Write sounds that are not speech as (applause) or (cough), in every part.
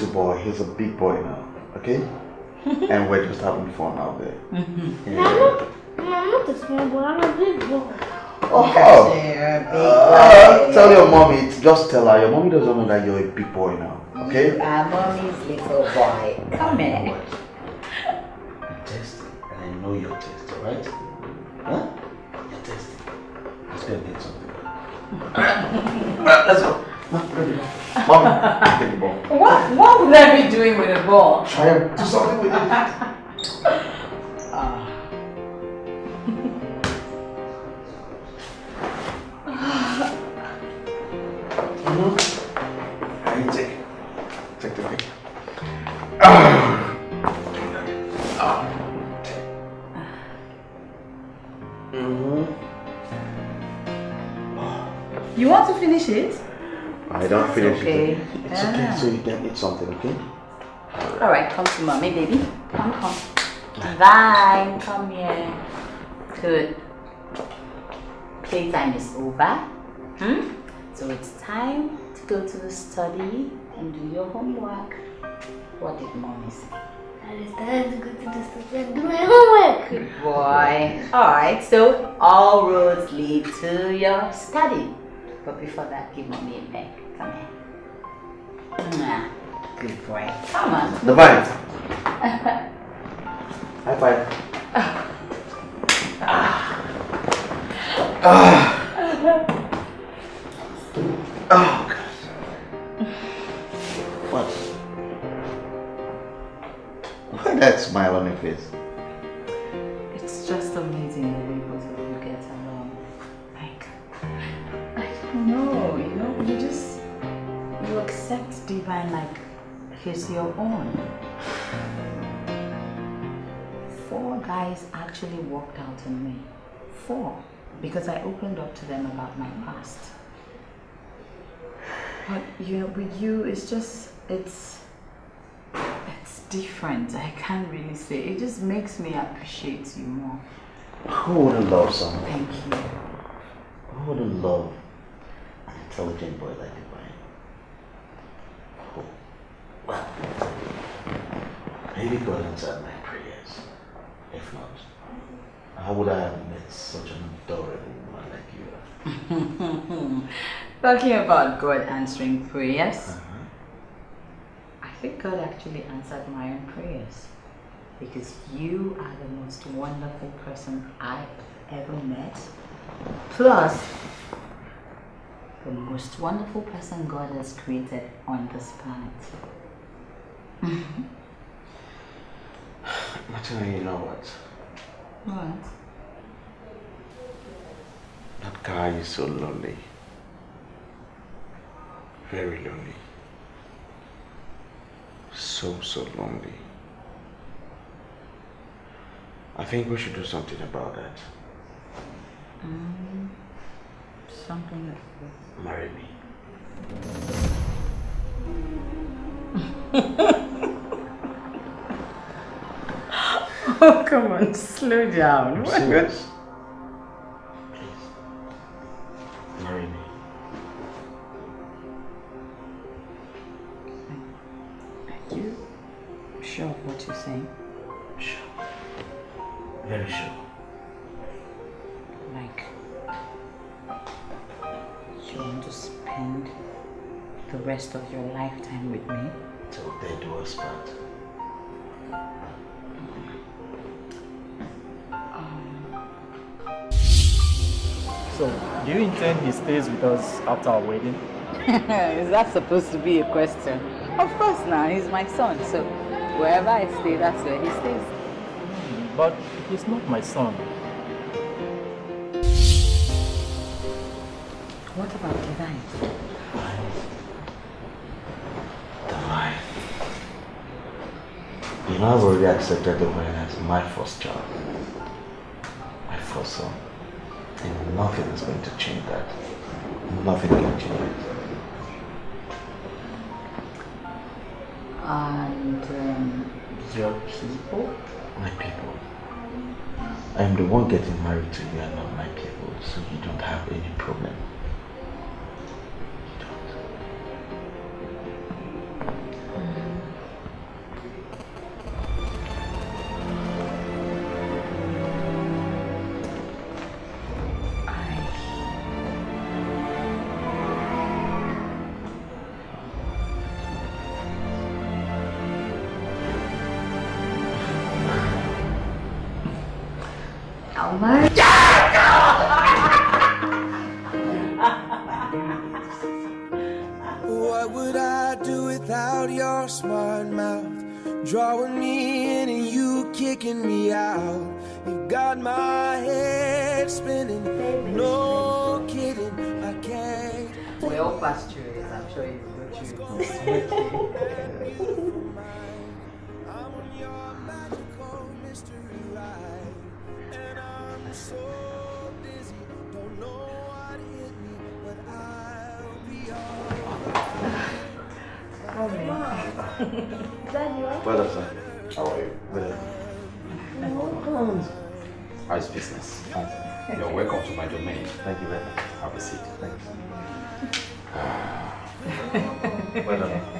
little boy, he's a big boy now, okay? (laughs) and we're just having fun out there. Mm-hmm. Yeah. I'm, not, I'm not a small boy, I'm a big boy. Oh, oh. uh, tell your mommy, just tell her, your mommy doesn't know that you're a big boy now, okay? You are mommy's little boy. Come (laughs) in. I'm and I know you're testing, right? Huh? You're testing. Let's go get something. (laughs) Let's go. Mom, take the ball. What, what would I be doing with a ball? Try and do something with it. (laughs) so you can eat something, okay? All right, come to mommy, baby. Come, come. Divine, come here. Good. Playtime is over. Hmm? So it's time to go to the study and do your homework. What did mommy say? It's time to go to the study and do my homework. Good boy. All right, so all roads lead to your study. But before that, give mommy a peck. Come here good boy. Come on. The vibe. (laughs) High five. Ah. Ah. ah. ah. Oh, God. What? Why that smile on your face? actually walked out on me for because I opened up to them about my past. But you know, with you, it's just it's it's different. I can't really say. It just makes me appreciate you more. Who wouldn't love someone? Thank you. Who wouldn't love an intelligent boy like you? Well, maybe God answered my prayers. If not, how would I have met such an adorable woman like you? (laughs) Talking about God answering prayers, uh -huh. I think God actually answered my own prayers because you are the most wonderful person I've ever met. Plus, the most wonderful person God has created on this planet. (sighs) Martina, you know what? What? That guy is so lonely. Very lonely. So, so lonely. I think we should do something about that. Um, something that? Marry me. (laughs) Oh, come on, slow down. Marry me. Are you sure of what you're saying? Sure. Very sure. Like, you want to spend the rest of your lifetime with me? Till death do us part. Do you intend he stays with us after our wedding? (laughs) Is that supposed to be a question? Of course now, he's my son, so wherever I stay, that's where he stays. but he's not my son. What about Divine? Divine. You know, I've already accepted the wedding as my first child. My first son. And nothing is going to change that. Nothing can change it. And um, your people? My people. I'm the one getting married to you and not my people, so you don't have any problem. আমার What would I do without your smart mouth? Drawing me in and you kicking me out. You got my head spinning. No kidding, I can't. We all fast tunes, I'm sure you do tunes. I'm on your magical mystery ride so dizzy, don't know what hit me, but I'll be alright. you Well, that's fine. How are you? Welcome. How is business? Fine. You're welcome to my domain. Thank you very much. Have a seat. Thanks. (laughs) well done.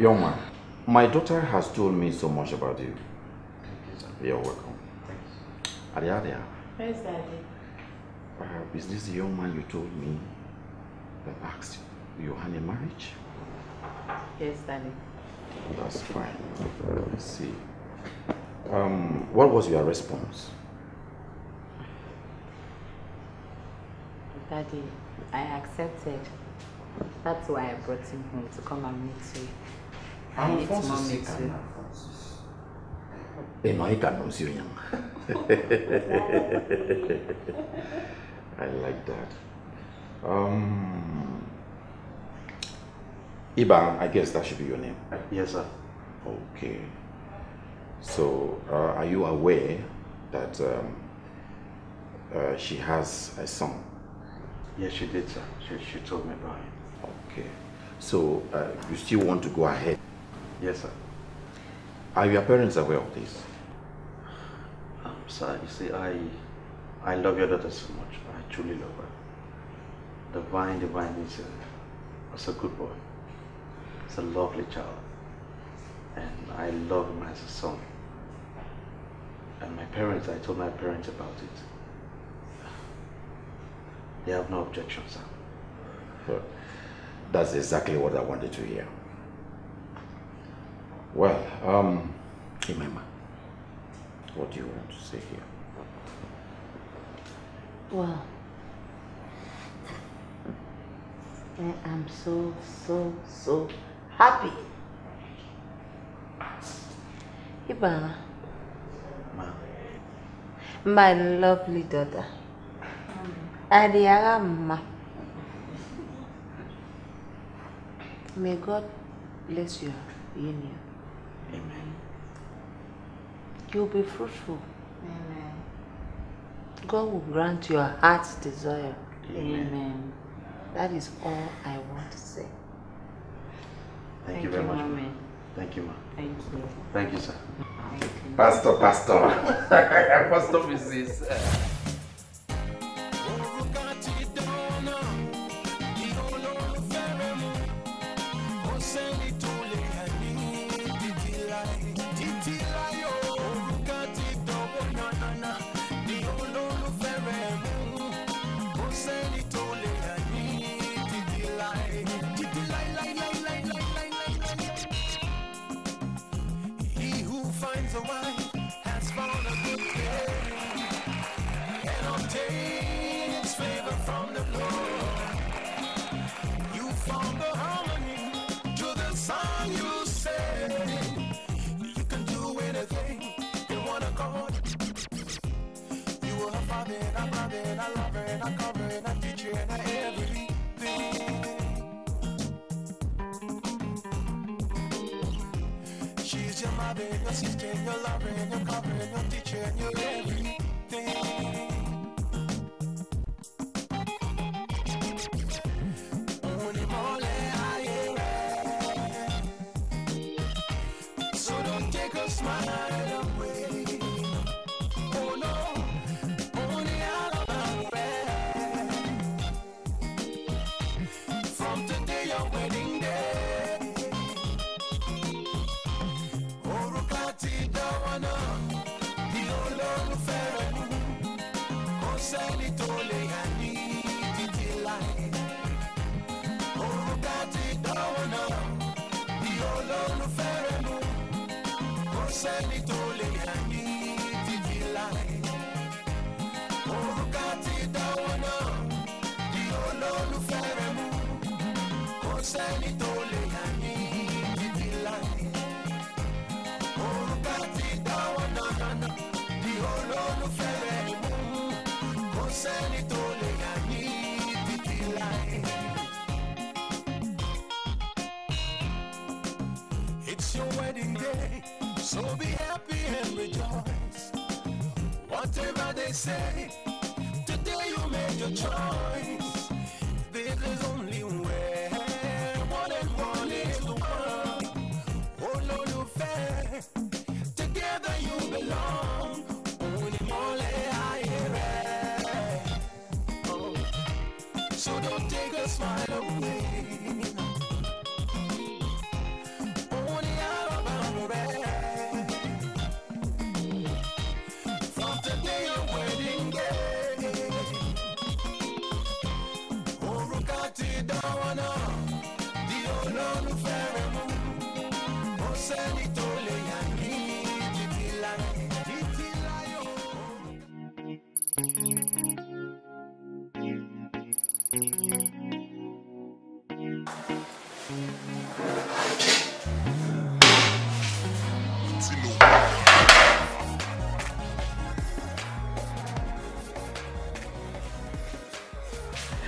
Young man, my daughter has told me so much about you. Thank you, You're welcome. Thanks. Adia, Adia. Where's Daddy? Uh, is this the young man you told me that asked you hand in marriage? Yes, Daddy. That's fine. Let's see. Um, what was your response? Daddy, I accepted. That's why I brought him home to come and meet you. Alfonso Sicana. Eh, no, Icano is Union. I like that. Um, Iban, I guess that should be your name. Yes, sir. Okay. So, uh, are you aware that um, uh, she has a son? Yes, she did, sir. She, she told me about it. Okay. So, uh, you still want to go ahead Yes, sir. Are your parents aware of this? Um, sir, you see, I, I love your daughter so much. I truly love her. Divine, divine is a, is a good boy. It's a lovely child. And I love him as a son. And my parents, I told my parents about it. They have no objection, sir. Well, that's exactly what I wanted to hear. Well, um, Imema, what do you want to say here? Well, I am so, so, so happy. You, Ma. my lovely daughter, Adiara Ma. May God bless your union. Amen. You'll be fruitful. Amen. God will grant your heart's desire. Amen. Amen. That is all I want to say. Thank, Thank you very you, much. Amen. Thank you, ma. Thank you. Thank you, sir. Thank you. Pastor, Pastor. (laughs) (laughs) Pastor Mrs. everything. She's your mother your sister your lover and your cover and your teacher and your everything.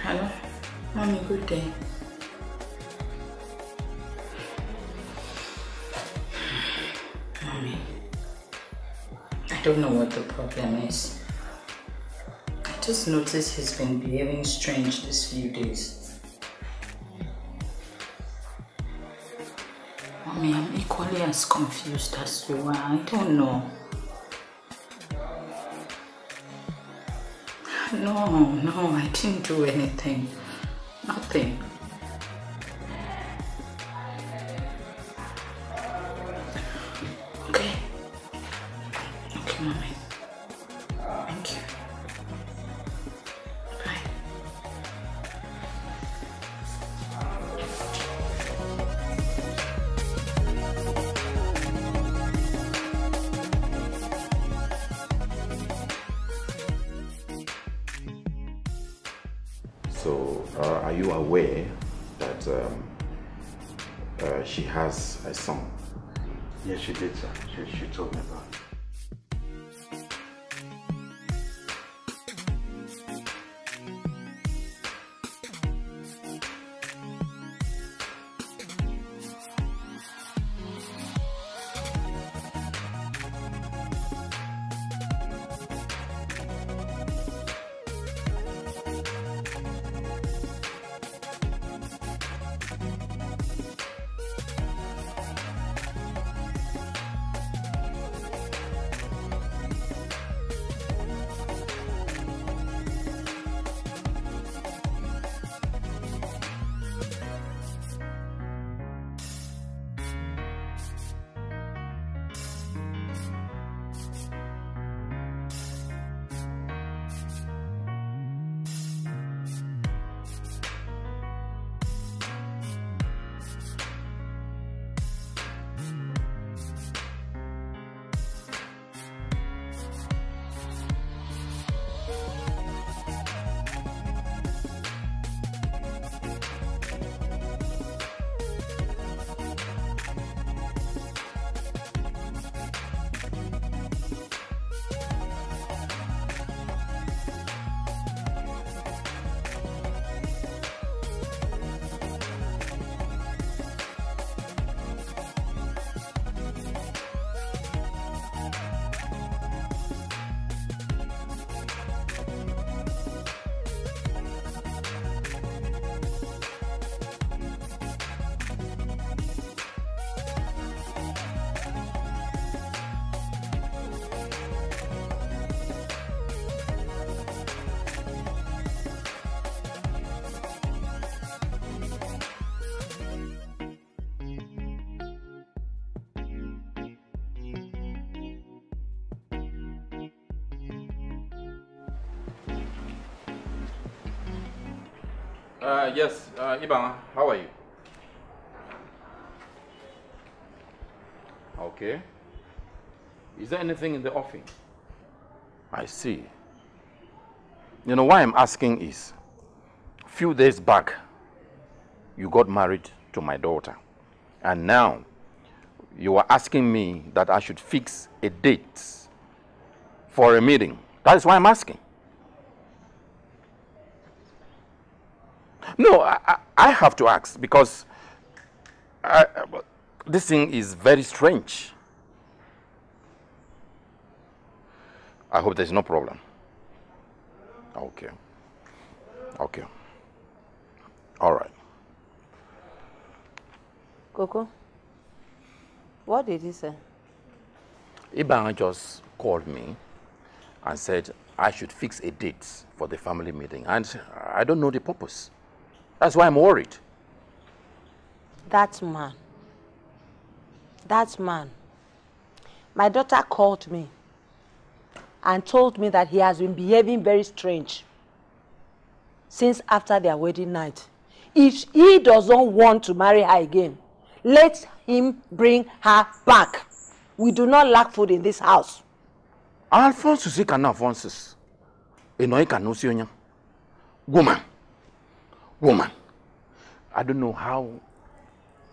Hello. Mommy, good day. Mommy, I don't know what the problem is. I just noticed he's been behaving strange these few days. As confused as you why. I don't know. No, no, I didn't do anything. Uh, yes, uh, Ibang, how are you? Okay. Is there anything in the offing? I see. You know, why I'm asking is, a few days back, you got married to my daughter. And now, you are asking me that I should fix a date for a meeting. That is why I'm asking. have to ask because I, uh, this thing is very strange. I hope there's no problem. Okay. Okay. All right. Coco, what did he say? Iban just called me and said I should fix a date for the family meeting and I don't know the purpose. That's why I'm worried. That man. That man. My daughter called me and told me that he has been behaving very strange since after their wedding night. If he doesn't want to marry her again, let him bring her back. We do not lack food in this house. see Alphonsus, he cannot Alphonsus. Enoy can no see Woman. Woman, I don't know how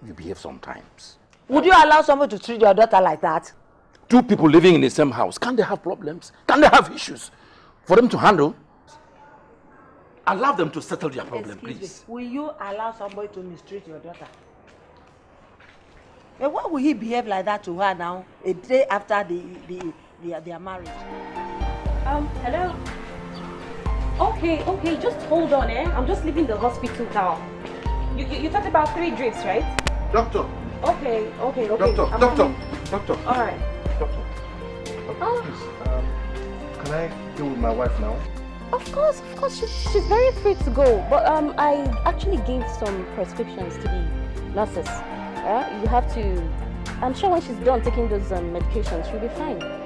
you behave sometimes. Would you allow somebody to treat your daughter like that? Two people living in the same house, can they have problems? Can they have issues for them to handle? Allow them to settle their problem, Excuse please. Me. Will you allow somebody to mistreat your daughter? And why will he behave like that to her now, a day after the, the, the, their marriage? Um, hello? Okay, okay, just hold on, eh? I'm just leaving the hospital now. You, you, you talked about three drips, right? Doctor. Okay, okay, okay. Doctor, I'm doctor, coming. doctor. All right. Doctor. doctor oh. Please, um, can I deal with my wife now? Of course, of course. She's, she's very free to go. But um, I actually gave some prescriptions to the nurses. Uh, you have to... I'm sure when she's done taking those um, medications, she'll be fine.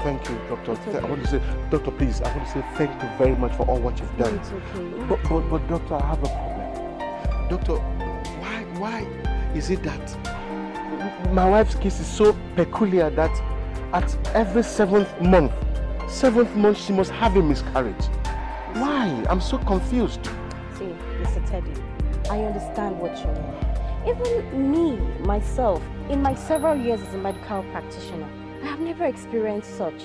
Thank you, Doctor. Okay. I want to say, Doctor, please, I want to say thank you very much for all what you've done. It's okay. But, but, but, Doctor, I have a problem. Doctor, why, why is it that my wife's case is so peculiar that at every seventh month, seventh month, she must have a miscarriage? Why? I'm so confused. See, Mr. Teddy, I understand what you mean. Even me, myself, in my several years as a medical practitioner, I have never experienced such.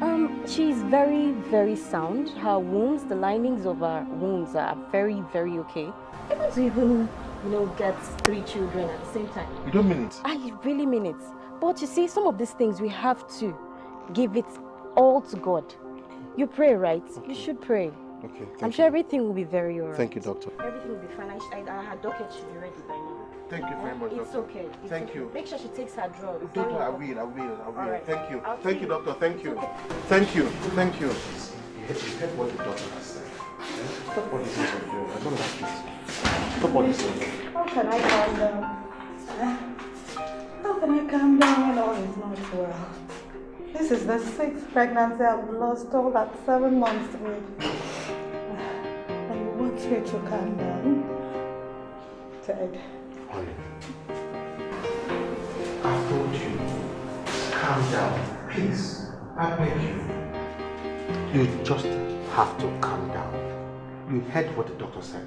Um, she's very, very sound. Her wounds, the linings of her wounds are very, very okay. Able to even, you know, get three children at the same time. You don't mean it? I really mean it. But you see, some of these things we have to give it all to God. You pray, right? Okay. You should pray. Okay. I'm sure you. everything will be very alright. Thank you, doctor. Everything will be fine. I, I, her docket should be ready by now. Thank you very much, It's doctor. okay. It's Thank okay. you. Make sure she takes her drugs. Doctor, I will, I will, I will. Right. Thank you. I'll Thank you, doctor. Thank you. Okay. Thank you. Thank you. Stop what the doctor has said. Stop all this is doing. I don't like this. Stop all this How can I calm down? How can I calm down when all is not well? This is the sixth pregnancy I've lost all that seven months with. And you want me to calm down? Ted. I've told you. Calm down. Please. I beg you. You just have to calm down. You heard what the doctor said.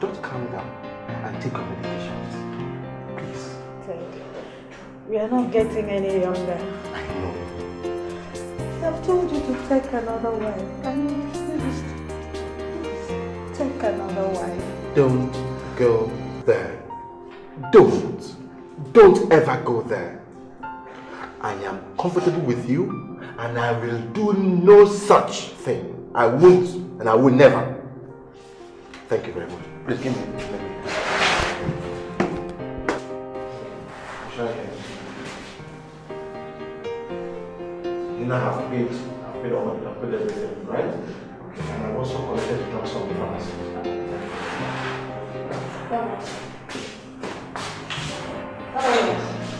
Just calm down and take your medications. Please. Thank you. We are not getting any younger. I know. I've told you to take another wife. Can you please. Take another wife. Don't go don't. Don't ever go there. I am comfortable with you and I will do no such thing. I won't and I will never. Thank you very much. Please give me. Let me. Then I have paid, I've paid all, I've paid everything, right? And I've also collected drugs from the pharmacy.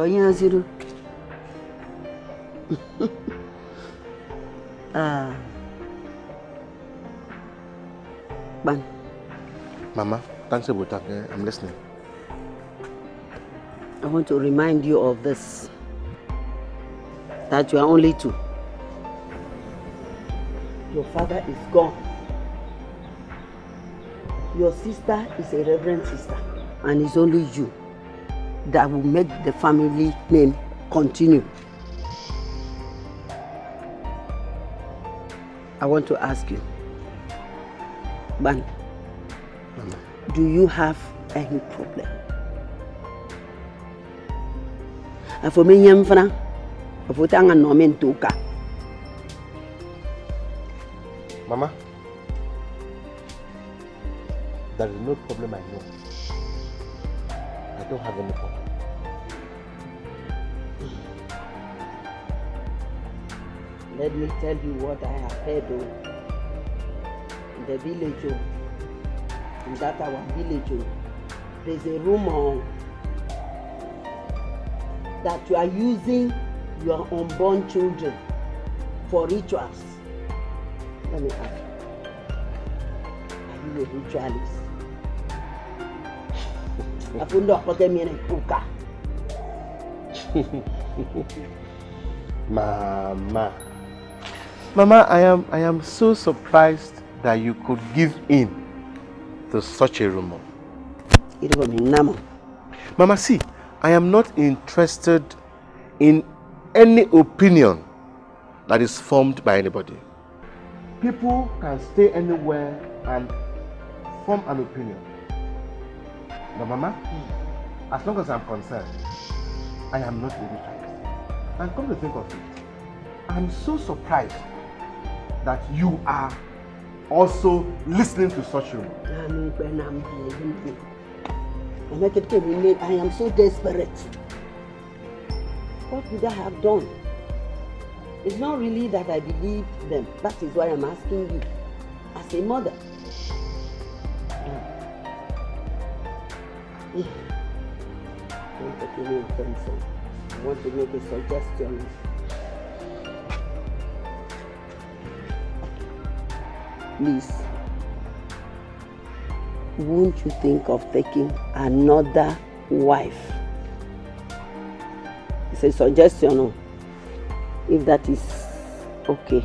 ka ọ yeziri ah. kpan Mama, thanks for talking. I'm listening. I want to remind you of this. That you are only two. Your father is gone. Your sister is a reverend sister. And it's only you. that will make the family name continue. I want to ask you, Ban, do you have any problem? for me I fana, afo tanga no men toka. Mama, there is no problem I know still have in the pocket. Let me tell you what I have heard oh. in the village, oh. in that our village. Oh. There's a rumor that you are using your unborn children for rituals. Let me ask you, are you a ritualist? afunde wakutemire Puka. (laughs) mama mama i am i am so surprised that you could give in to such a rumor mama see i am not interested in any opinion that is formed by anybody people can stay anywhere and form an opinion But Mama, hmm. as long as I'm concerned, I am not really right. And come to think of it, I'm so surprised that you are also listening to such rumor. I am so desperate. What did I have done? It's not really that I believe them. That is why I'm asking you, as a mother. Quanta che mi Want to make a suggestion? Please, won't you think of taking another wife? It's a suggestion, oh. if that is okay.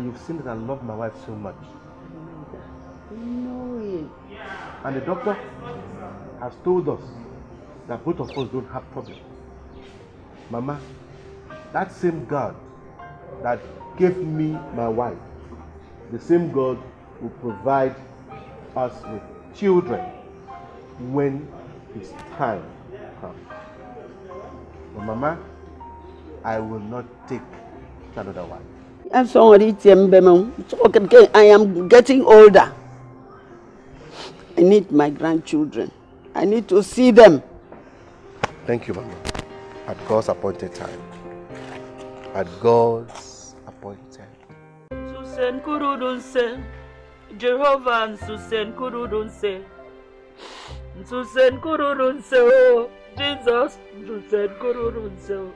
and you've seen that I love my wife so much. And the doctor has told us that both of us don't have problems. Mama, that same God that gave me my wife, the same God will provide us with children when his time comes. But Mama, I will not take another wife. And somebody um, um, I am getting older. I need my grandchildren. I need to see them. Thank you, Mama. At God's appointed time. At God's appointed Susan Kurudunse. Jehovah and Susan Kurudunse. Susan Kurudunse. Oh. Jesus. Susan Kurudunse. Oh.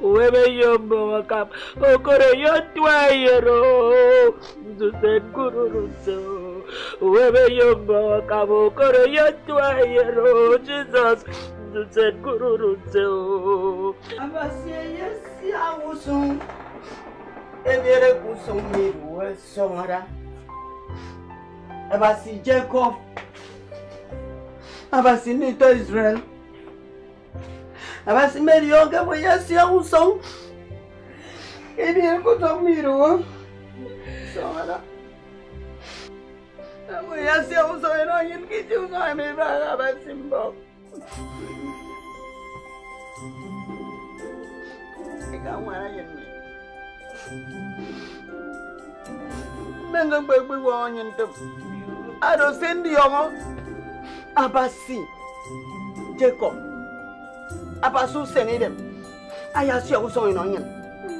Uwebe yombo wakam, Jesus. yotwa yero, nzuse kururunzo. Uwebe yombo wakam, okoro yotwa yero, Jesus, nzuse kururunzo. Abasiye yesi awusun, ebere kusun mi buwe sonra. Abasi Jacob, abasi nito Israel abasimeri yonke bonyasi yakusong ibirikutokumiriwo songala bonyasi yakusoenongin kichiungamibaka abasimbo ikamwana yinmi menge gbegbiwonyin tem adosendi yongo abasi jacob Abasa usene dem. Ayasiya kusoyina yini?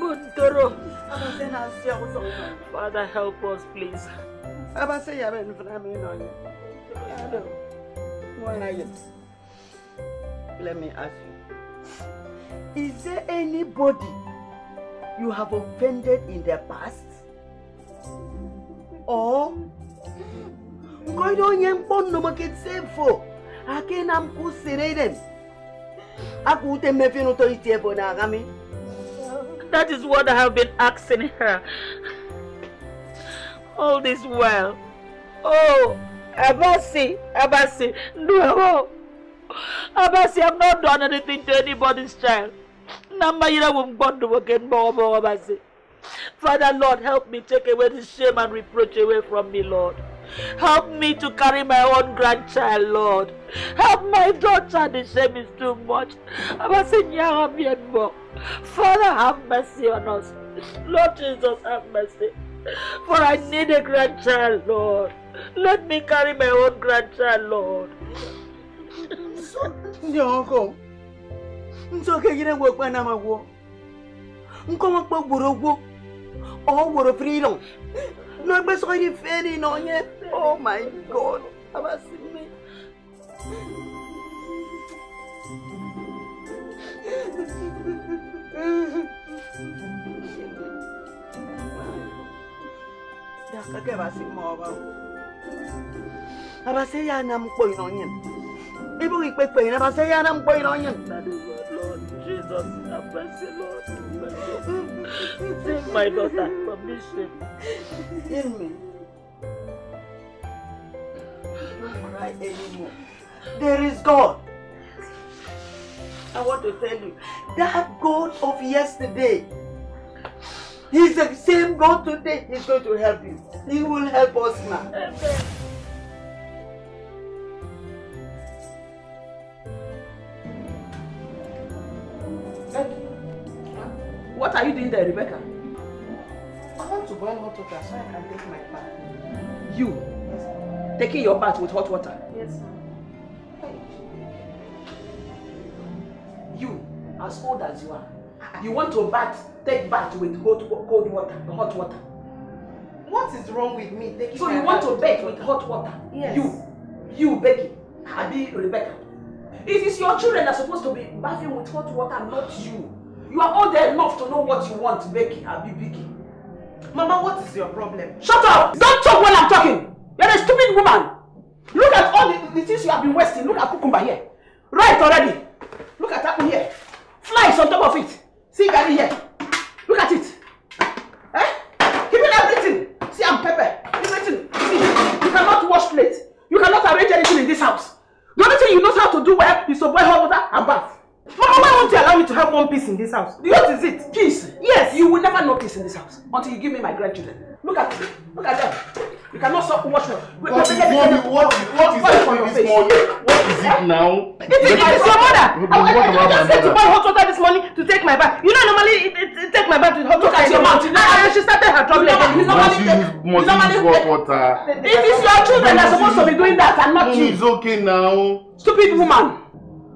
Buntoro. Abasena asiya kusoyina. Father help us please. Abaseya benu funa mina yini? Hello. Mwana yini? Let me ask you. Is there anybody you have offended in the past? Or saved for? Ngoido nyempo nomaketsefo. Akenamkusiredem. That is what I have been asking her all this while. Oh, Abasi, Abasi, no. Abasi, I've not done anything to anybody's child. Namayira won't bond again, Abasi. Father, Lord, help me take away this shame and reproach away from me, Lord. Help me to carry my own grandchild, Lord. Help my daughter, the shame is too much. Father, have mercy on us. Lord Jesus, have mercy. For I need a grandchild, Lord. Let me carry my own grandchild, Lord. Nyoko. Nsoke yire ngwekwa na magwo. Nkomo kpo gboro gwo. O woro freedom. lọ gbé sọ́ọ́dì fẹ́ẹ́rì náà yẹn oh my god bàbá sí mi. Kake basi mọba. Abase ya na mkpo ino nyen. Ibu ikpe kpe ina abase ya na mkpo ino nyen. Jesus, abase Lord. Save (laughs) my daughter from this shame. Hear me. Don't cry anymore. There is God. I want to tell you, that God of yesterday, He's the same God today. He's going to help you. He will help us now. What are you doing there, Rebecca? I want to boil hot water so I can take my bath. You? Yes, Taking your bath with hot water? Yes, ma'am. You, as old as you are, you want to bath, take bath with hot, cold water, hot water. What is wrong with me taking So you want to bathe with hot water? Yes. You, you, Becky, Abby, Rebecca. It is your children that are supposed to be bathing with hot water, not you. You are old enough to know what you want, Becky, I'll be Becky. Mama, what is your problem? Shut up! Don't talk when I'm talking! You're a stupid woman! Look at all the, the things you have been wasting. Look at cucumber here. Right already. Look at apple here. Flies on top of it. See, Gary here. have peace in this house. What is it? Peace? Yes. You will never know peace in this house until you give me my grandchildren. Look at me. Look at them. You cannot stop watch her. What, what, is, what, what, what is happening this morning? What is it now? It is, it is your mother. I, I, I just said to buy hot water this morning to take my bath. You know, normally it, it, it take my bath with hot water. Look at your mouth. And, and she started her trouble again. You normally use hot water. It is your children that are supposed to be doing that and not you. is okay now. Stupid woman.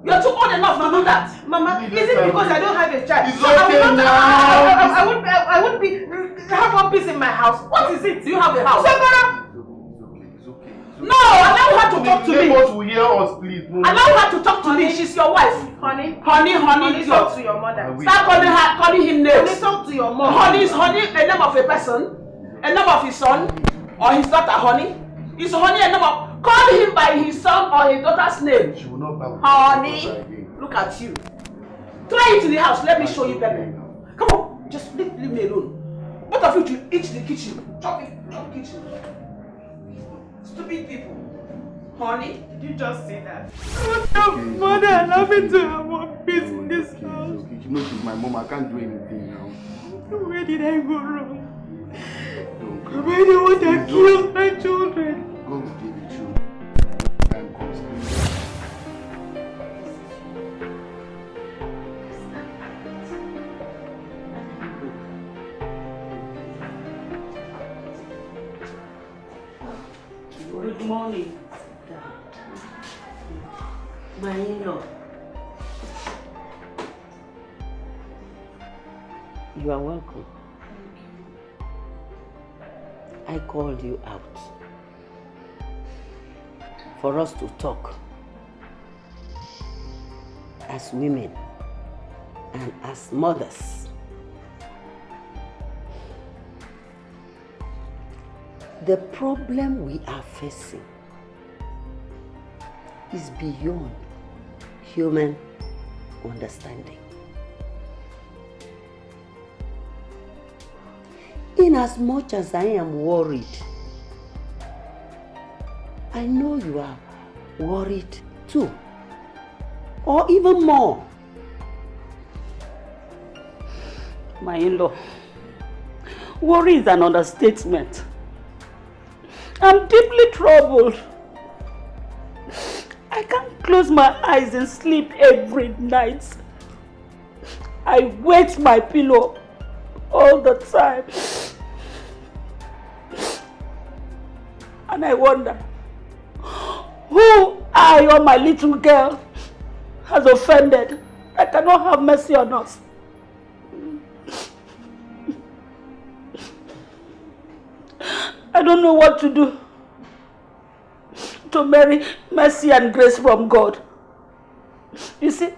You're too old enough to do that. Mama, is it because I don't have a child? It's so okay I now. I, I, I, would, I, I would be have one piece in my house. What is it? Do you have a house? Shagara. No, allow her to talk to me. Neighbors will hear us, please. No. Allow her to talk to honey, me. She's your wife. Honey, honey, honey. honey talk to your mother. Start calling her, calling him names. Honey, talk to your mom. Honey is honey a name of a person, a name of his son, or his daughter. Honey is honey a name of. Call him by his son or his daughter's name. She will not bow. Honey, look at you. Try it to the house. Let me show you Pepe. Come on, just leave, leave me alone. Both of you to eat the kitchen. Chop it, chop kitchen. Stupid people. Honey, did you just say that? Okay, Mother, okay, I love it to have one piece in this okay, house. Okay. You know she's my mom. I can't do anything now. Where did I go wrong? Why do you want to kill my children? Go, longing. My in-law. You are welcome. I called you out for us to talk as women and as mothers. The problem we are facing is beyond human understanding. In as I am worried, I know you are worried too, or even more. My in-law, worry is an understatement. I'm deeply troubled. I can't close my eyes and sleep every night. I wet my pillow all the time. And I wonder, who I or my little girl has offended? I cannot have mercy on us. I don't know what to do. to marry mercy and grace from God. You see,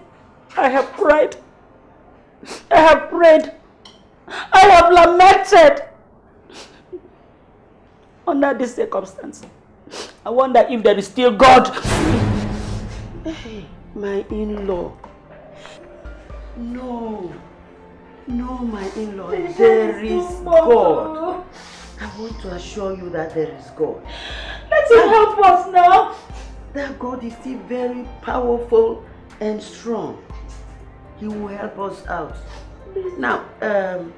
I have cried. I have prayed. I have lamented. Under this circumstance, I wonder if there is still God. Hey, my in-law. No. No, my in-law, there, is, God. I want to assure you that there is God. To help us now. That God is still very powerful and strong. He will help us out. Now, um,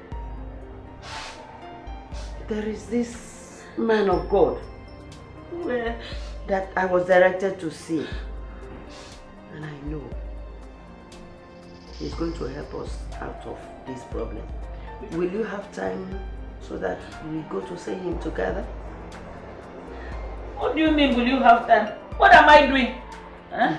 there is this man of God Where? that I was directed to see. And I know he's going to help us out of this problem. Will you have time so that we go to see him together? What do you mean will you have time? What am I doing? Huh?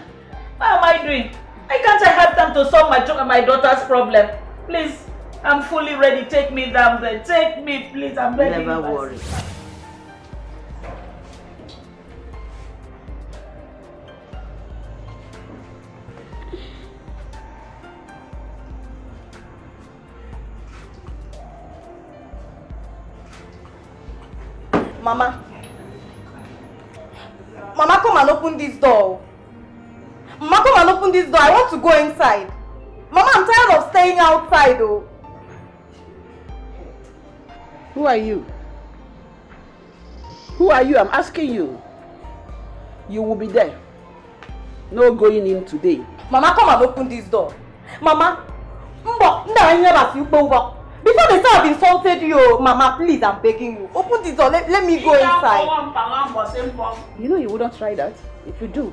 What am I doing? Why can't I have time to solve my, my daughter's problem? Please, I'm fully ready. Take me down there. Take me, please. I'm ready. Never worry. Mama, come and open this door. Mama, come and open this door. I want to go inside. Mama, I'm tired of staying outside, oh. Who are you? Who are you? I'm asking you. You will be there. No going in today. Mama, come and open this door. Mama, mbọ, ndị anyị nyere asị ukpo ụgwọ. Before they start have insulted you, Mama, please, I'm begging you. Open this door. Let, let me go inside. You know you wouldn't try that. If you do,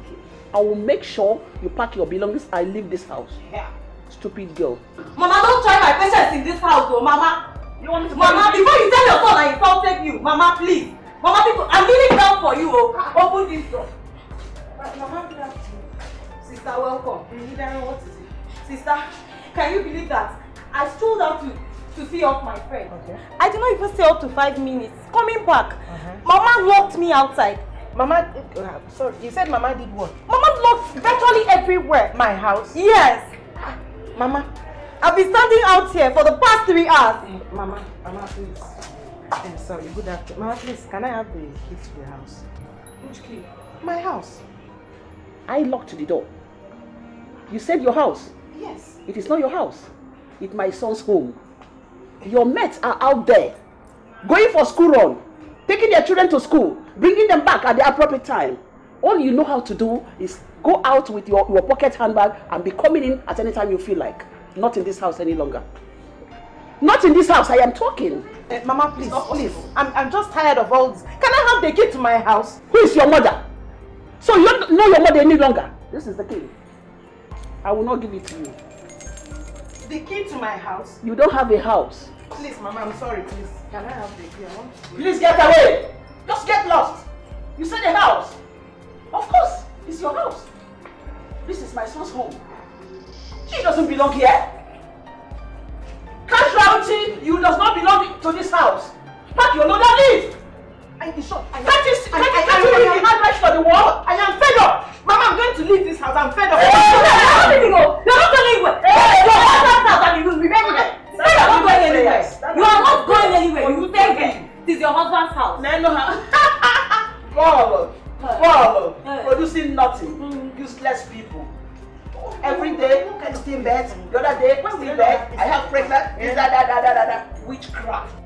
I will make sure you pack your belongings I leave this house. Yeah. Stupid girl. Mama, don't try my patience in this house, though, Mama. You want me to Mama, before you tell your son I insulted you, Mama, please. Mama, people, I'm kneeling down for you. Oh. Open this door. Mama, Sister, welcome. Mm -hmm. What is it? Sister, can you believe that? I strolled out to to see off my friend. Okay. I did not even stay up to five minutes. Coming back, uh -huh. Mama locked me outside. Mama, uh, sorry, you said Mama did what? Mama locked virtually everywhere. My house? Yes. Mama, I've been standing out here for the past three hours. Mm, Mama, Mama, please. I'm eh, sorry, good afternoon. Mama, please, can I have the key to the house? Which key? My house. I locked the door. You said your house? Yes. It is not your house. It's my son's home. your mates are out there going for school run, taking their children to school, bringing them back at the appropriate time. All you know how to do is go out with your, your pocket handbag and be coming in at any time you feel like. Not in this house any longer. Not in this house, I am talking. Uh, Mama, please, oh, please. I'm, I'm just tired of all this. Can I have the key to my house? Who is your mother? So you don't know your mother any longer. This is the key. I will not give it to you the key to my house? You don't have a house. Please, Mama, I'm sorry, please. Can I have the key? I want to... Please get away! Just get lost! You said a house! Of course, it's your house. This is my son's home. She doesn't belong here. Casualty, you does not belong to this house. Pack your load and leave! I, in short, I, that is, I, the address for the world. Oh, I am fed up. Mama, I'm going to leave this house. I'm fed up. You're not leaving. You're not going anywhere. You're not going house and you will remember that. You are not going anywhere. You are not going anywhere. You take it. This is your husband's house. No, no. Wow. Wow. Producing nothing. Mm. Useless people. Mm. Every day, can stay in bed. The other day, stay in bed. I have pregnant. This, that, that, that, that, that. Witchcraft.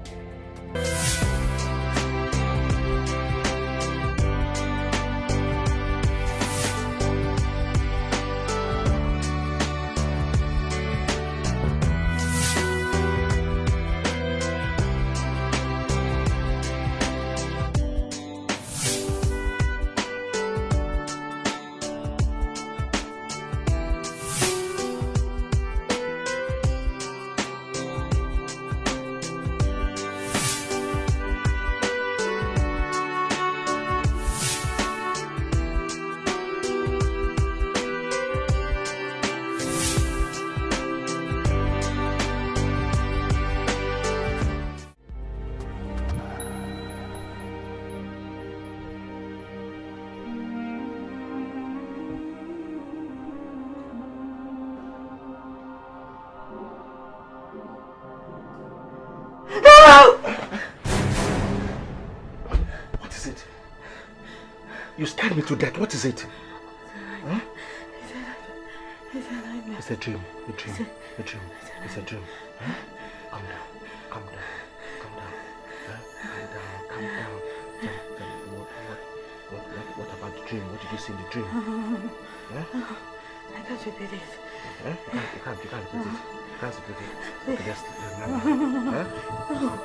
to that. What is it? It's a dream. A dream. A dream. It's a dream. Huh? Calm down. Calm down. Calm down. Huh? Calm down. Calm down. Tell, tell, what, what, what, what about the dream? What did you see in the dream? I can't repeat it. Huh? You, can't, you can't. repeat it. You can't repeat it. Okay, just remember. Huh?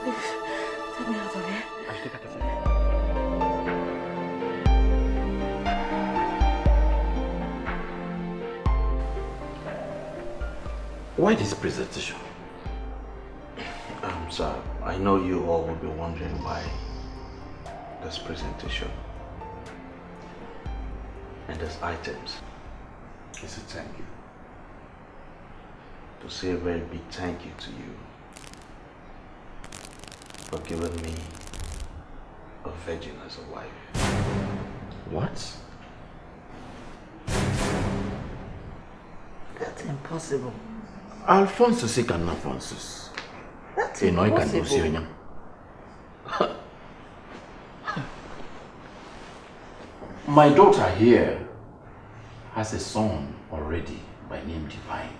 Please, take me out of here. I should take out of here. Why this presentation? Um, sir, I know you all will be wondering why this presentation and these items. is a thank you. To say a very big thank you to you for giving me a virgin as a wife. What? That's impossible alphonsus ka nna francis eno e ka nnosi onye my daughter here has a son already by name divine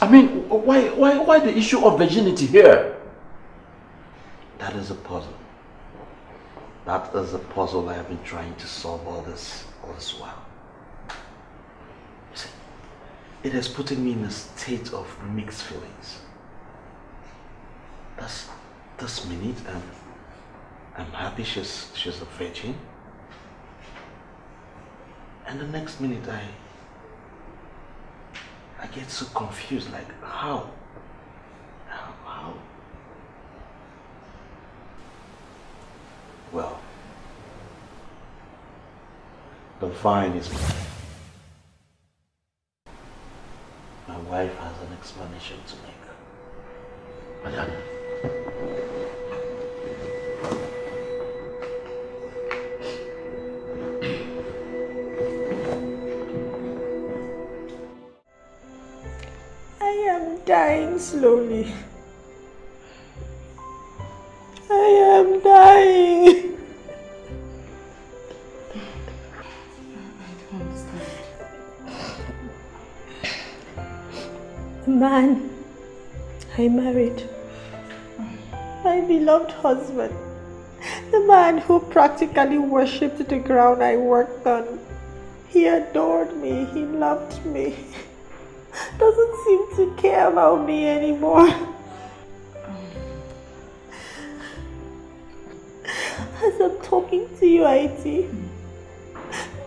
I mean, why, why, why the issue of virginity here? That is a puzzle. That is a puzzle I have been trying to solve all this, all this while it has putting me in a state of mixed feelings. That's this minute I'm, I'm happy she's, she's a virgin. And the next minute I I get so confused like how? How how? Well the fine is mine. wife has an explanation to make. Madam. I am dying slowly. I am dying. man I married. My beloved husband. The man who practically worshipped the ground I worked on. He adored me. He loved me. (laughs) Doesn't seem to care about me anymore. (laughs) As I'm talking to you, IT,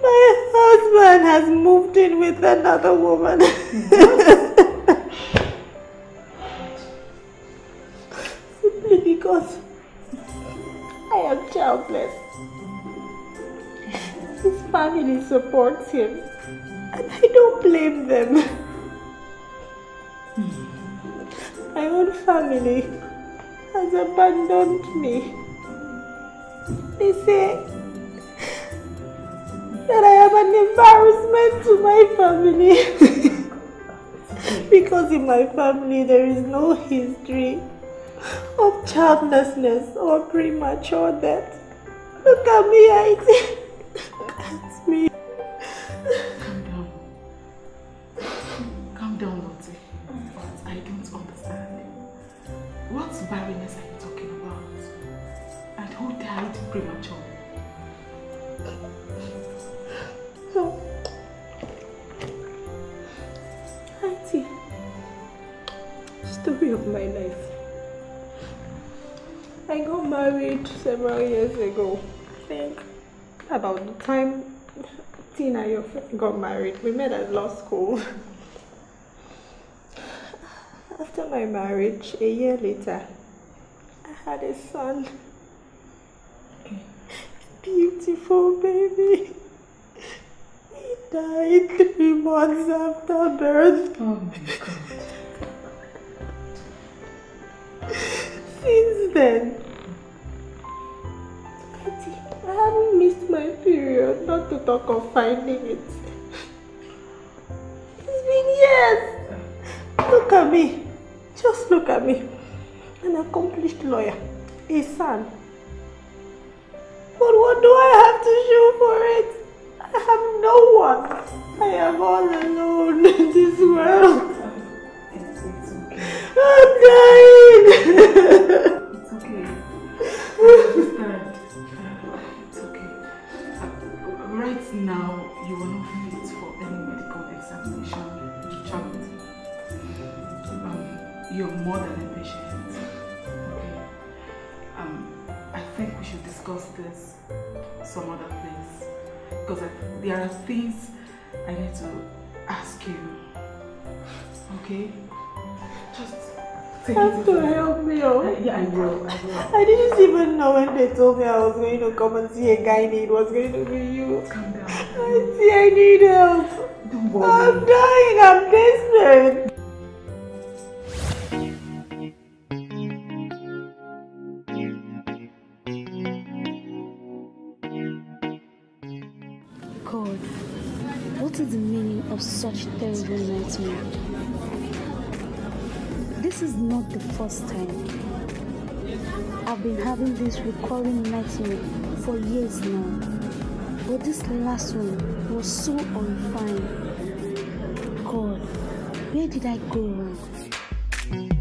my husband has moved in with another woman. (laughs) him, and I don't blame them. My own family has abandoned me. They say that I am an embarrassment to my family. (laughs) because in my family there is no history of childlessness or premature death. Look at me, I (laughs) What barrenness are you talking about? And who died prematurely? Auntie, story of my life. I got married several years ago. I think about the time Tina, your friend, got married. We met at law school. (laughs) After my marriage, a year later, I had a son. Beautiful baby. He died three months after birth. Oh my god. Since then, I haven't missed my period, not to talk of finding it. It's been years. Look at me. Just look at me, an accomplished lawyer, a son. But what do I have to show for it? I have no one. I am all alone in this world. It's, it's okay. I'm dying. It's okay. I understand. It's okay. Right now, you are You're more than impatient. Okay. Um, I think we should discuss this some other place. Because there are things I need to ask you. Okay? Just take Have to help me out. Oh. Uh, yeah, I will. I will. I didn't even know when they told me I was going to come and see a guy named was going to be you. Calm down. I see I need help. Don't worry. I'm dying. I'm desperate. of oh, such terrible nightmare. This is not the first time. I've been having this recurring nightmare for years now, but this last one was so horrifying. God, where did I go wrong?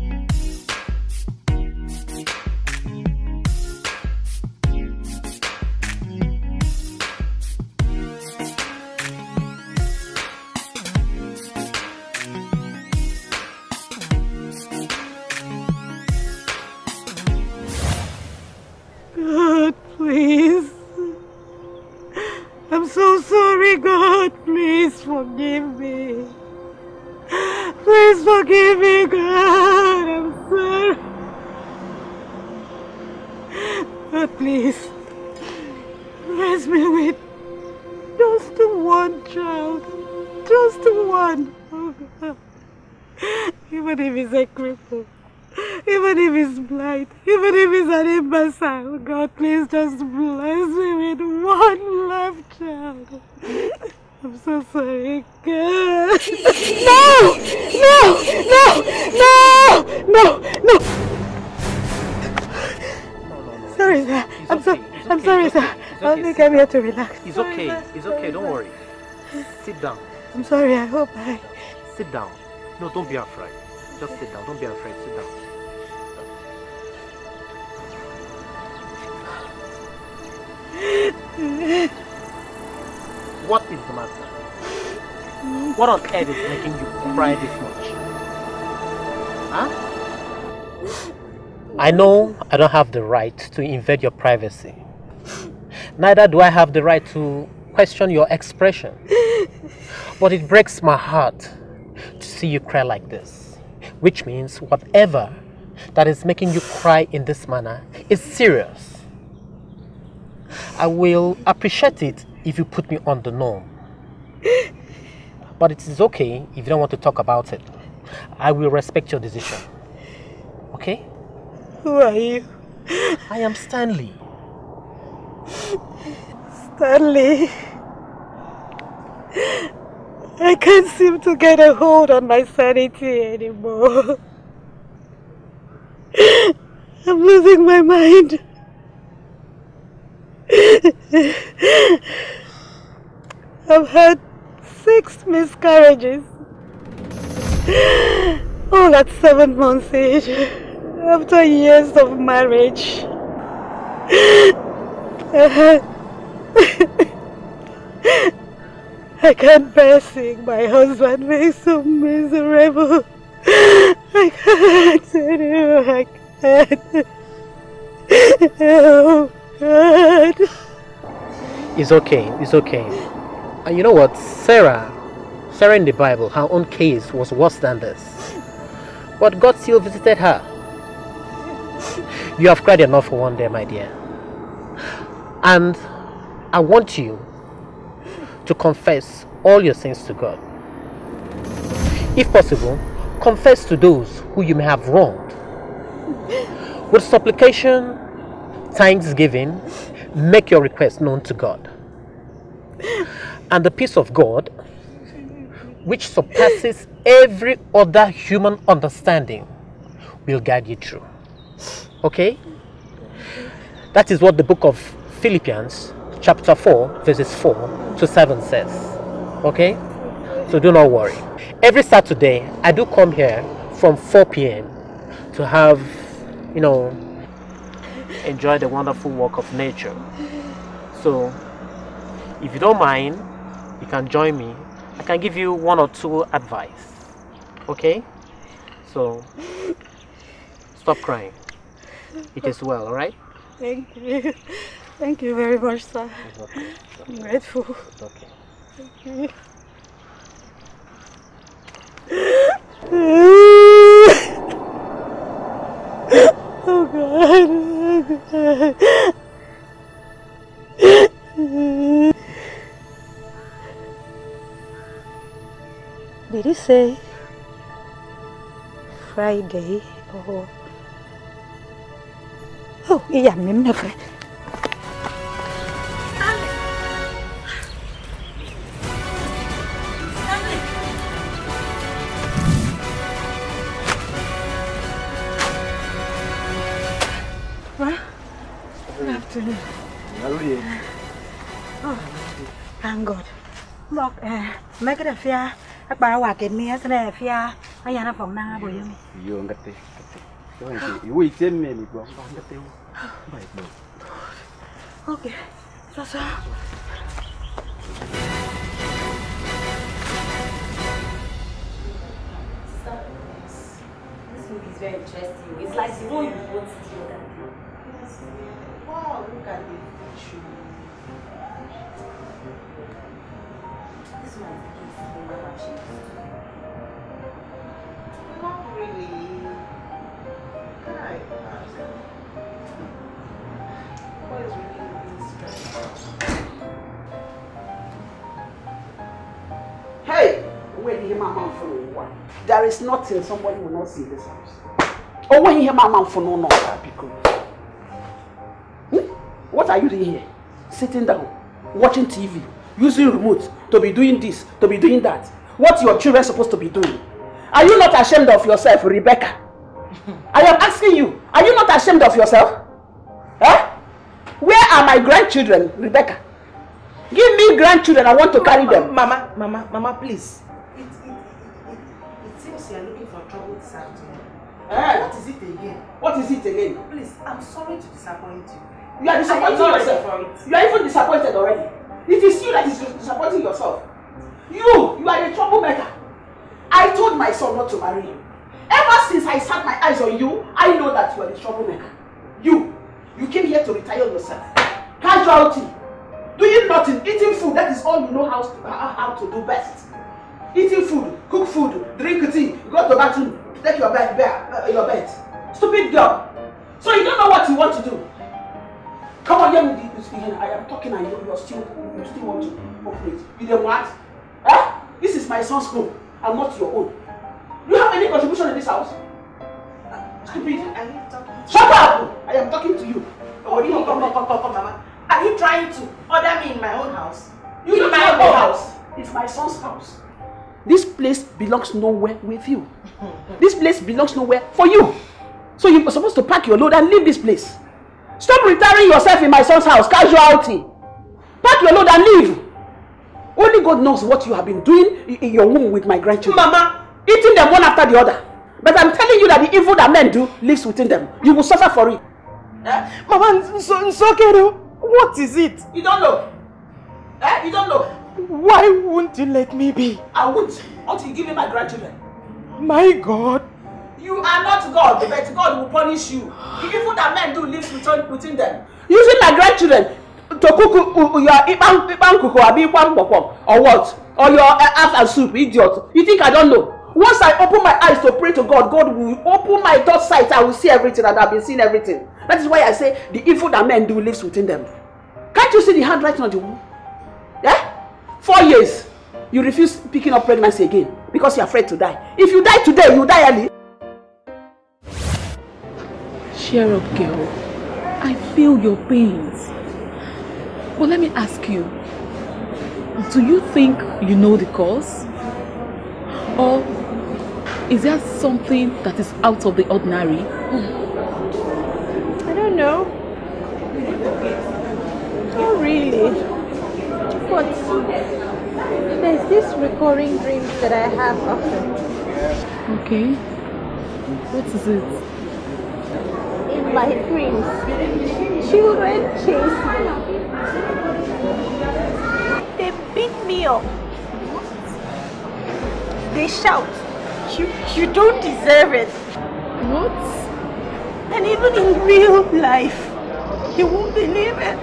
to relax. It's sorry, okay. It's okay. Don't worry. Sit down. I'm sorry. I hope I. Sit down. No, don't be afraid. Just sit down. Don't be afraid. Sit down. What is the matter? What on earth is making you cry this much? Huh? I know I don't have the right to invade your privacy neither do I have the right to question your expression. (laughs) but it breaks my heart to see you cry like this, which means whatever that is making you cry in this manner is serious. I will appreciate it if you put me on the norm. But it is okay if you don't want to talk about it. I will respect your decision. Okay? Who are you? I am Stanley. Stanley. I can't seem to get a hold on my sanity anymore. I'm losing my mind. I've had six miscarriages. All at seven months age. After years of marriage. I can't bear seeing my husband being so miserable. I can't anymore. I can't. Oh, God. It's okay. It's okay. And you know what? Sarah, Sarah in the Bible, her own case was worse than this. But God still visited her. You have cried enough for one day, my dear. And I want you to confess all your sins to God. If possible, confess to those who you may have wronged. With supplication, thanksgiving, make your request known to God. And the peace of God, which surpasses every other human understanding, will guide you through. Okay? That is what the book of Philippians chapter 4, verses 4 to 7 says. Okay? So do not worry. Every Saturday, I do come here from 4 p.m. to have, you know, enjoy the wonderful work of nature. So, if you don't mind, you can join me. I can give you one or two advice. Okay? So, stop crying. It is well, alright? Thank you. Thank you very much, sir. Okay. I'm grateful. Okay. oh God. Oh God. Did he say Friday Oh, oh yeah, I'm mekere fia akpa wa ke mi asene fia aya na pong na bo yo yo ngate yo ite me mi bo ngate yo bai bo okay so so This book is very interesting. It's like the one you wrote the other day. Wow, look at the picture. Hey! Where did my mom from? There is nothing somebody will not see in this house. Oh, when you hear my mom for no, no, because. Hmm? What are you doing here? Sitting down, watching TV using remote to be doing this, to be doing that. What your children supposed to be doing? Are you not ashamed of yourself, Rebecca? I am asking you, are you not ashamed of yourself? Huh? Eh? Where are my grandchildren, Rebecca? Give me grandchildren, I want to carry them. Mama, mama, mama, please. It, seems you are looking for trouble this eh? afternoon. What is it again? What is it again? Please, I'm sorry to disappoint you. You are disappointed yourself. You are even disappointed already. It is you that is supporting yourself. You, you are a troublemaker. I told my son not to marry you. Ever since I sat my eyes on you, I know that you are a troublemaker. You, you came here to retire yourself. Casualty, doing nothing, eating food, that is all you know how to, uh, how to do best. Eating food, cook food, drink tea, go to bathroom, take your bed, bear, uh, your bed. Stupid girl. So you don't know what you want to do. Come on, hear me this I am talking and you, you still you still want to operate. You then what? Eh? This is my son's home I'm not your own. Do you have any contribution in this house? Stupid. Are you talking to Shut up! I am talking to you. Oh, come, come, come, come, come, come, Mama. Are you trying to order me in my own house? You in my own house. It's my son's house. This place belongs nowhere with you. (laughs) this place belongs nowhere for you. So you're supposed to pack your load and leave this place. Stop retiring yourself in my son's house, casualty. Pack your load and leave. Only God knows what you have been doing in your womb with my grandchildren. Mama, eating them one after the other. But I'm telling you that the evil that men do lives within them. You will suffer for it. Eh? Mama, Nsokero, what is it? You don't know. Eh? You don't know. Why won't you let me be? I won't until you give me my grandchildren. My God. You are not God, but God will punish you. The evil that men do lives within them. Using my grandchildren to cook uh, uh your ipan ipan koko abi ipan popo or what? Or your uh, ass and soup, idiot. You think I don't know? Once I open my eyes to pray to God, God will open my thought sight. I will see everything, and I've been seeing everything. That is why I say the evil that men do lives within them. Can't you see the handwriting on the wall? Yeah? Four years, you refuse picking up pregnancy again because you're afraid to die. If you die today, you die early. cheer up, girl. I feel your pains. But let me ask you, do you think you know the cause? Or is there something that is out of the ordinary? I don't know. Not really. But there's this recurring dreams that I have often. Okay. What is it? My dreams. Children chase me. They beat me up. They shout, you, you don't deserve it. What? And even in real life, you won't believe it.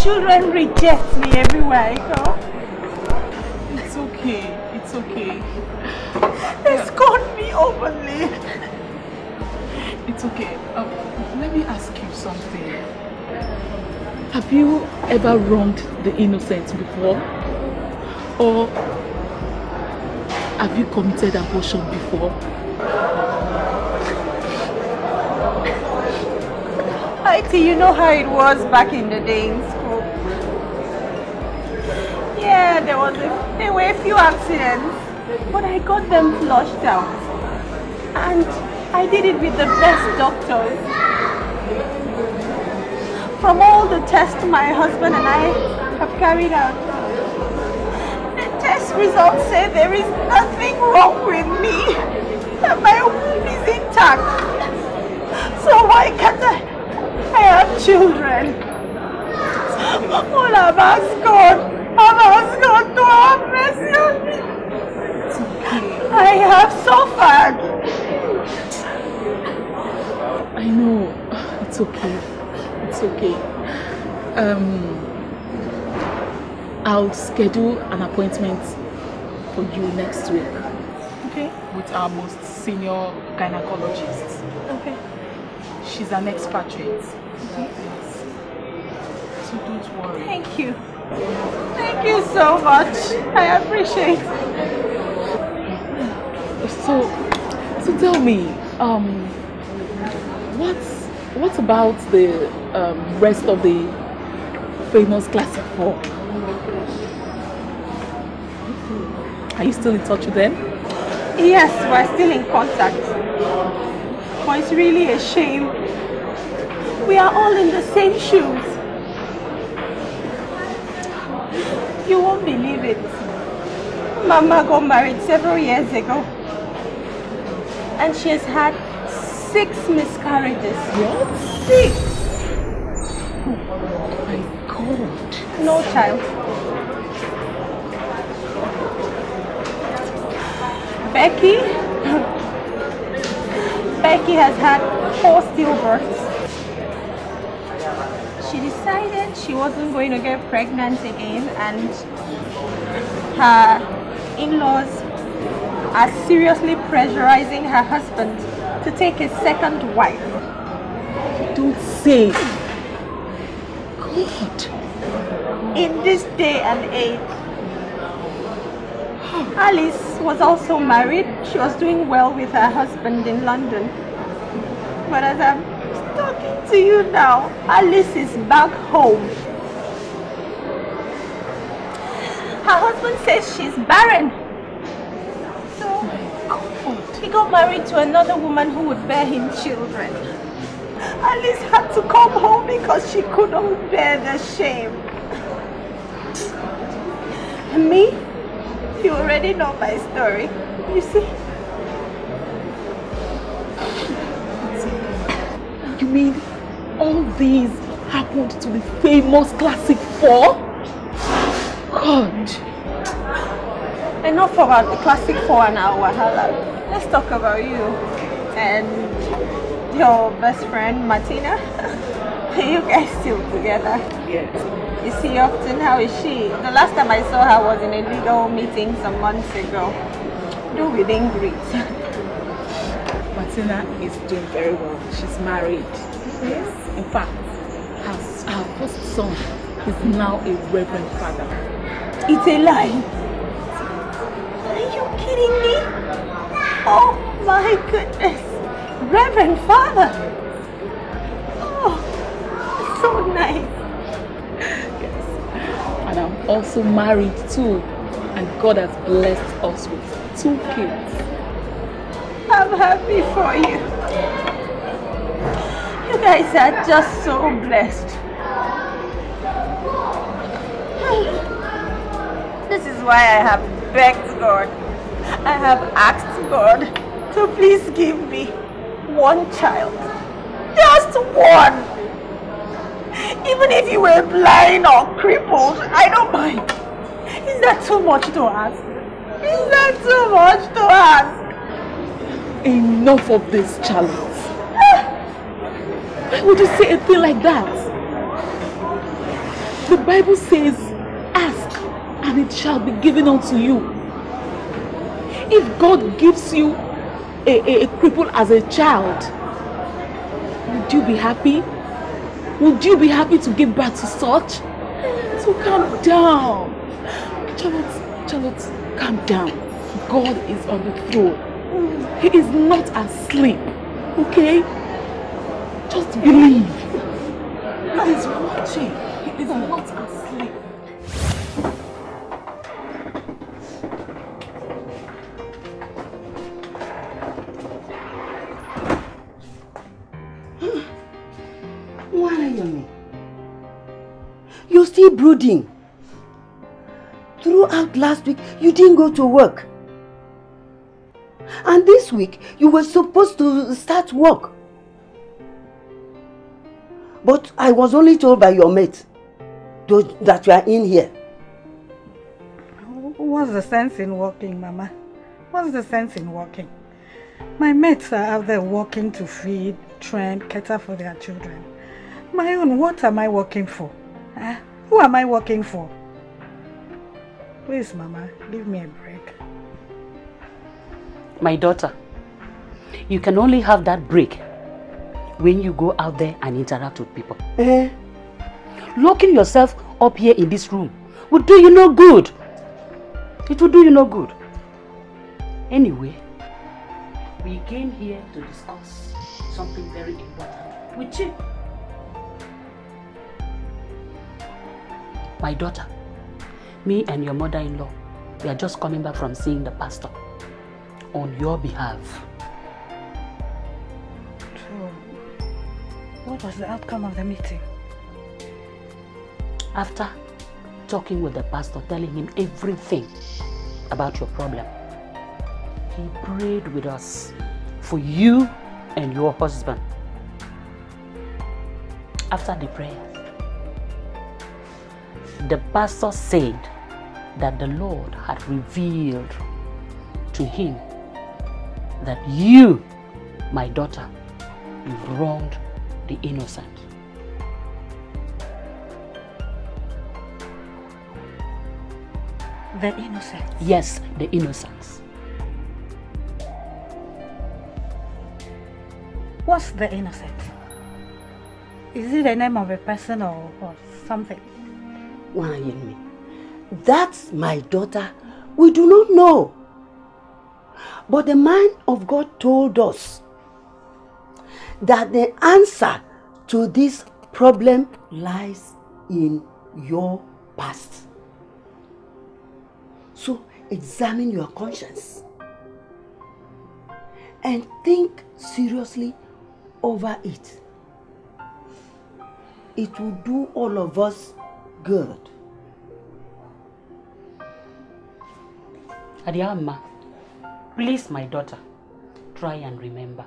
Children reject me everywhere I go. It's okay, it's okay. They scorn me openly. It's okay. Um, let me ask you something. Have you ever wronged the innocent before? Or have you committed abortion before? Mighty, you know how it was back in the day in school. Yeah, there was a, there were a few accidents, but I got them flushed out. And I did it with the best doctors. From all the tests my husband and I have carried out, the test results say there is nothing wrong with me, that my womb is intact. So why can't I, I have children? All I've asked God, I've asked God to have mercy on me. I have suffered. I know. (laughs) It's okay. It's okay. Um, I'll schedule an appointment for you next week. Okay. With our most senior gynecologist. Okay. She's an expatriate. Okay. So don't worry. Thank you. Thank you so much. I appreciate it. So, so tell me, um, what's what about the um, rest of the famous classic four? Are you still in touch with them? Yes, we're still in contact. But it's really a shame. We are all in the same shoes. You won't believe it. Mama got married several years ago. And she has had six miscarriages. What? Six. Oh my God. No child. Becky. (laughs) Becky has had four stillbirths. She decided she wasn't going to get pregnant again and her in-laws are seriously pressurizing her husband to take a second wife. Don't say God. In this day and age, Alice was also married. She was doing well with her husband in London. But as I'm talking to you now, Alice is back home. Her husband says she's barren. He got married to another woman who would bear him children. Alice had to come home because she couldn't bear the shame. And me? You already know my story. You see? You mean all these happened to the famous classic four? God. Enough about the classic four and our wahala let's talk about you and your best friend Martina. Are (laughs) you guys still together? Yes. Is she often? How is she? The last time I saw her was in a legal meeting some months ago. Do we didn't greet. Martina is doing very well. She's married. Yes. In fact, her, her first son is now a reverend father. It's a lie. Are you kidding me? Oh my goodness, Reverend Father. Oh, so nice. Yes, and I'm also married too, and God has blessed us with two kids. I'm happy for you. You guys are just so blessed. This is why I have begged God I have asked God to please give me one child. Just one. Even if you were blind or crippled, I don't mind. Is that too much to ask? Is that too much to ask? Enough of this challenge. Why would you say a thing like that? The Bible says, ask and it shall be given unto you. If God gives you a, a, a cripple as a child, would you be happy? Would you be happy to give birth to such? So calm down. Charlotte, Charlotte, calm down. God is on the throne. He is not asleep, okay? Just believe. He is watching. He is not asleep. brooding. Throughout last week, you didn't go to work. And this week, you were supposed to start work. But I was only told by your mate that you are in here. What's the sense in working, Mama? What's the sense in working? My mates are out there working to feed, train, cater for their children. My own, what am I working for? Huh? Eh? Who am I working for? Please, Mama, give me a break. My daughter, you can only have that break when you go out there and interact with people. Eh? Locking yourself up here in this room will do you no good. It will do you no good. Anyway, we came here to discuss something very important Which you. my daughter, me and your mother-in-law, we are just coming back from seeing the pastor on your behalf. So, what was the outcome of the meeting? After talking with the pastor, telling him everything about your problem, he prayed with us for you and your husband. After the prayer, the pastor said that the Lord had revealed to him that you, my daughter, you've wronged the innocent. The innocent? Yes, the innocence. What's the innocent? Is it the name of a person or, or something? Wanayemi, that's my daughter. We do not know. But the man of God told us that the answer to this problem lies in your past. So examine your conscience and think seriously over it. It will do all of us good. Adiama, please, my daughter, try and remember.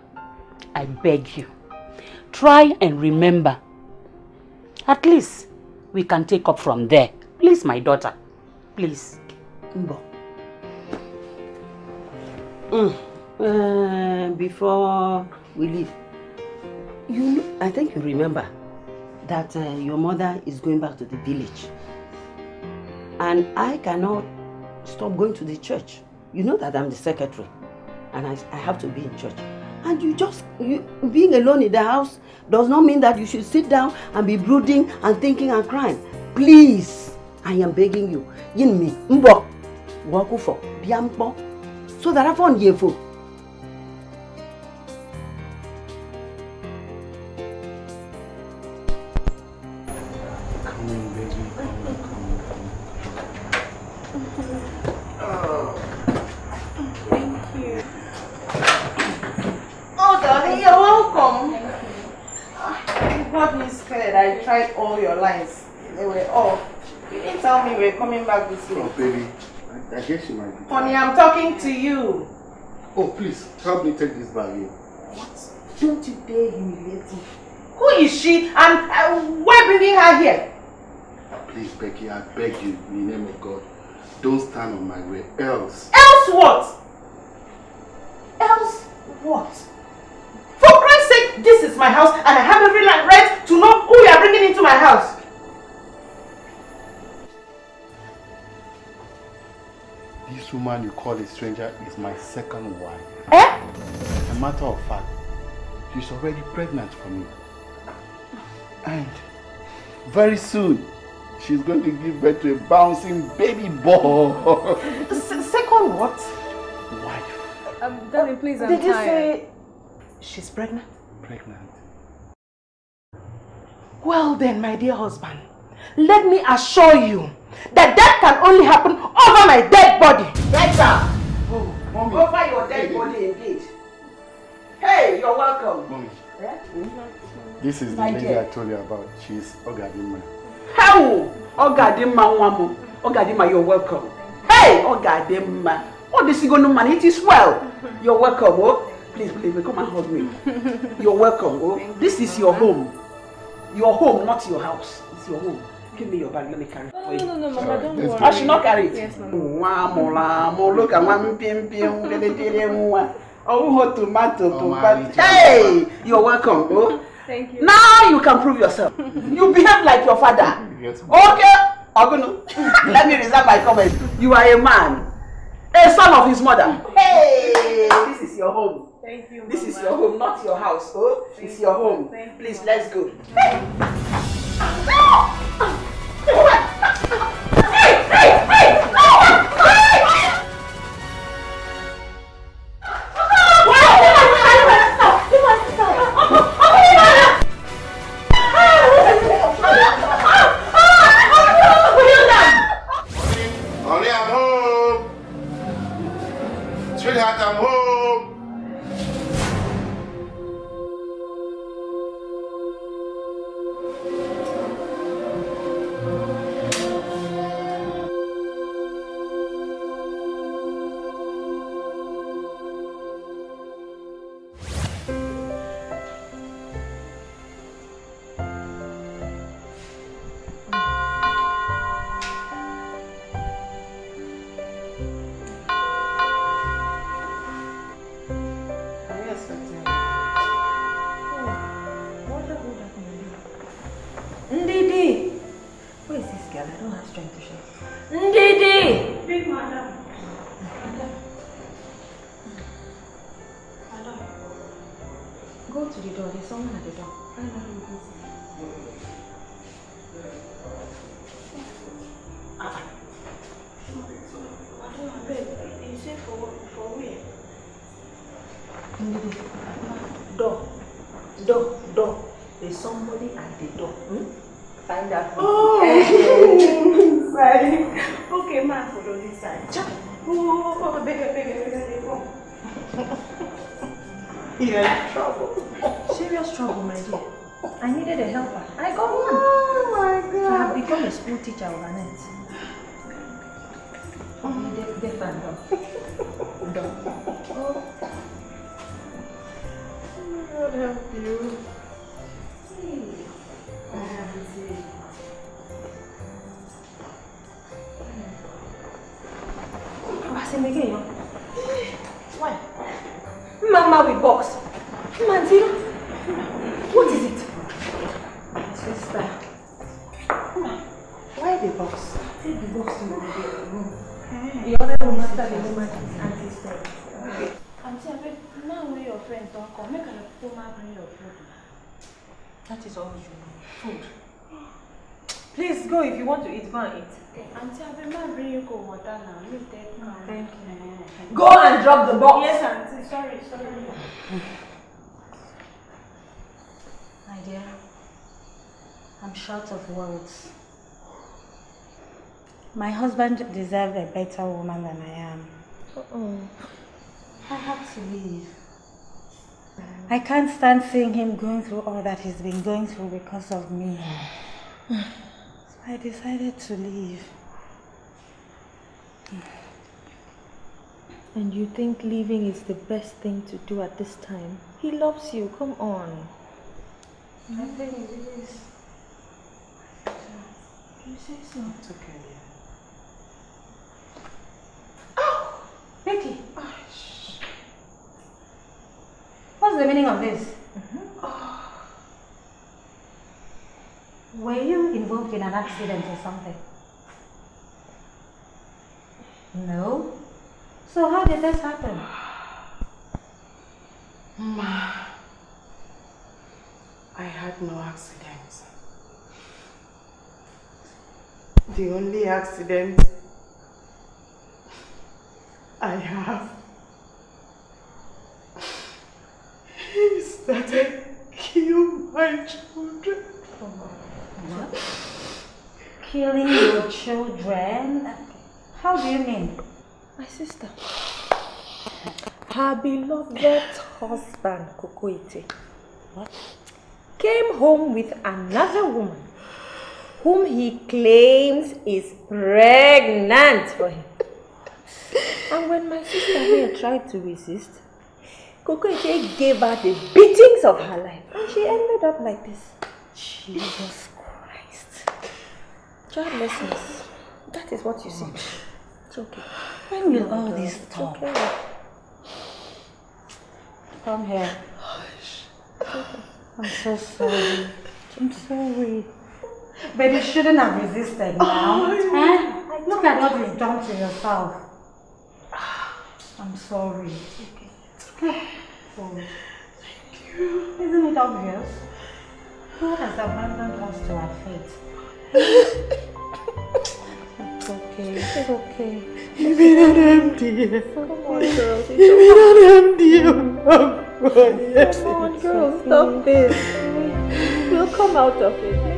I beg you. Try and remember. At least we can take up from there. Please, my daughter. Please. Mbo. Mm. Uh, before we leave, you, I think you remember that uh, your mother is going back to the village. And I cannot stop going to the church. You know that I'm the secretary and I, I have to be in church. And you just, you, being alone in the house does not mean that you should sit down and be brooding and thinking and crying. Please, I am begging you. Yin me mbo, wakufo, biampo, so that I found yefo. Yes, you might be. Honey, I'm talking to you. Oh, please, help me take this bag here. What? Don't you dare humiliate me. Who is she and uh, why bringing her here? Please, Becky, I beg you, in the name of God, don't stand on my way, else... Else what? Else what? For Christ's sake, this is my house and I have every right to know who you are bringing into my house. this woman you call a stranger is my second wife. Eh? As a matter of fact, she's already pregnant for me. And very soon, she's going to give birth to a bouncing baby boy. second what? Wife. Um, darling, please, I'm Did you say she's pregnant? Pregnant. Well then, my dear husband, let me assure you That death can only happen over my dead body. Better. Oh, mommy. Over your dead hey, body indeed. Hey, you're welcome. Mommy. Eh? This is my the lady I told you about. She's Ogadima. How? Ogadima Wamu. Ogadima, you're welcome. Hey, Ogadima. Oh, this is going to man. It is well. You're welcome, oh. Please, please, come and hug me. You're welcome, oh. This is your home. Your home, not your house. It's your home give me your bag. Let me carry it for you. No, no, no, Mama, right. don't worry. I should not carry it. Yes, Mama. Wamo, look at one pim pim, dele dele mwa. Oh, tomato, oh, tomato. Hey, you're welcome. Oh. Thank you. Now you can prove yourself. you behave like your father. Yes, ma'am. Okay, Ogunu, let me reserve my comment. You are a man, a son of his mother. Hey, this is your home. Thank you. This Mama. is your home, not your house. Oh, Thank it's your home. You. Please, let's go. Hey. help you. dropped the box. Yes, auntie. Sorry, sorry. My dear, I'm short of words. My husband deserved a better woman than I am. Uh oh I have to leave. I can't stand seeing him going through all that he's been going through because of me. So I decided to leave. And you think leaving is the best thing to do at this time? He loves you, come on. I think it is. You say so. It's okay, Oh! Becky! Oh, What's the meaning of this? Mm-hmm. Oh. Were you involved in an accident or something? No? So how did this happen? Ma, I had no accident. The only accident I have is that I killed my children. What? Killing your children? How do you mean? My sister, her beloved husband, Kokoite, came home with another woman whom he claims is pregnant for him. and when my sister here tried to resist, Kokoite gave her the beatings of her life. And she ended up like this. Jesus Christ. Childlessness. That is what you see. It's okay. When will all this stop? Okay. Come here. Okay. I'm so sorry. I'm sorry. But you shouldn't have resisted (laughs) oh, now. Oh, Look at what you've done to yourself. I'm sorry. It's okay. Oh. Thank you. Isn't it obvious? God has abandoned us to our fate. (laughs) (laughs) It's okay. Leave it at MDF. Come on, girl, girls. Leave it at MDF. Come on, girl, Stop this. We'll come out of it.